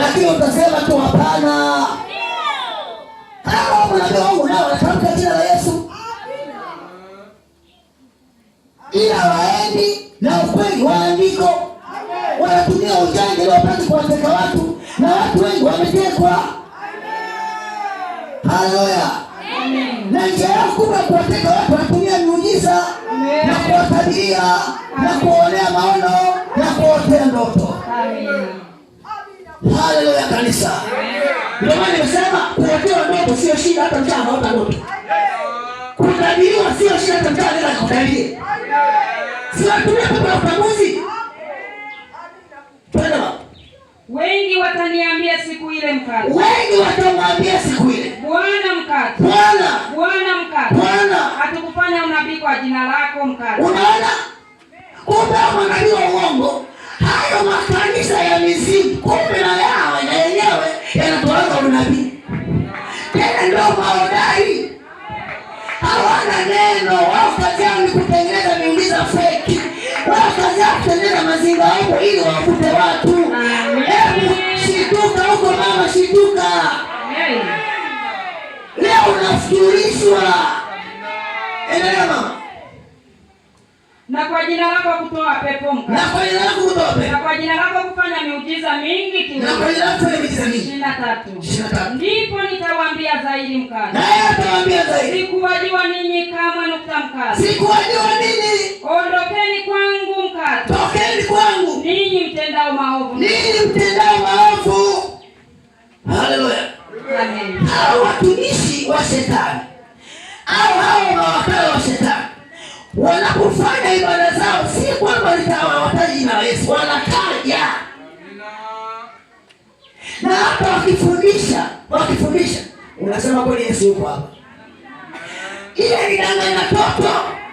lakini utasema tu hapana. Hao manabii wanatamka jina la Yesu, ila waendi na ukweli wa andiko, wanatumia ujanja ili wapate kuwateka watu, na watu wengi wametekwa. Haleluya! na njia yao kubwa kuwateka watu, wanatumia miujiza na kuwatabiria na kuonea maono na kuotea ndoto Haleluya kanisa. Ndio maana nimesema kuotewa ndoto sio shida hata mtaa anaota ndoto. Kudadiliwa sio shida hata mtaa anaweza kudadili. Sio tumia pepo ya upamuzi. Tena wengi wataniambia siku ile mkate. Wengi watamwambia siku ile. Bwana mkate. Bwana. Bwana mkate. Bwana. Hatukufanya unabii kwa jina lako mkate. Unaona? Kumbe mwanadamu wa uongo. Hayo makanisa ya mizimu. Kumbe na kutengeneza miuliza feki. Wewe kazi yako kutengeneza mazinga huko ili wafute watu. Hebu shituka huko mama, shituka. Leo unafikirishwa. Endelea mama. Na kwa jina lako kutoa pepo mkali. Na kwa jina lako kutoa pepo. Na kwa jina lako kufanya miujiza mingi. Na kwa jina lako kufanya miujiza mingi. 23. 23. Ndipo zaidi mkazo. Naye atawaambia zaidi. Sikuwajua ninyi kama nukta mkazo. Sikuwajua ninyi. Ondokeni kwangu mkazo. Tokeni kwangu. Ninyi mtendao maovu. Ninyi mtendao maovu. Haleluya. Amen. Hao watumishi wa shetani. Hao hao mawakala wa shetani. Wanapofanya ibada zao si kwamba wataji na Yesu wanataja na hapa wakifundisha wakifundisha Unasema kweli, Yesu yuko hapa. Ile ni danga inatotwa